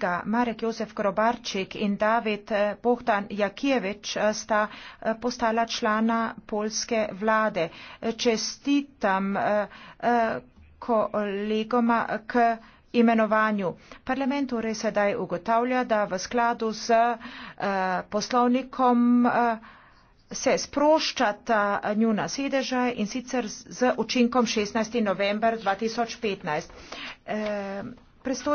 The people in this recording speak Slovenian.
kolega Marek Jozef Grobarčik in David eh, Bohdan Jakijevič eh, sta eh, postala člana polske vlade. Čestitam kolegoma k imenovanju. Parlament torej sedaj ugotavlja, da v skladu z poslovnikom se sproščata njuna sedeža in sicer z učinkom 16. november 2015.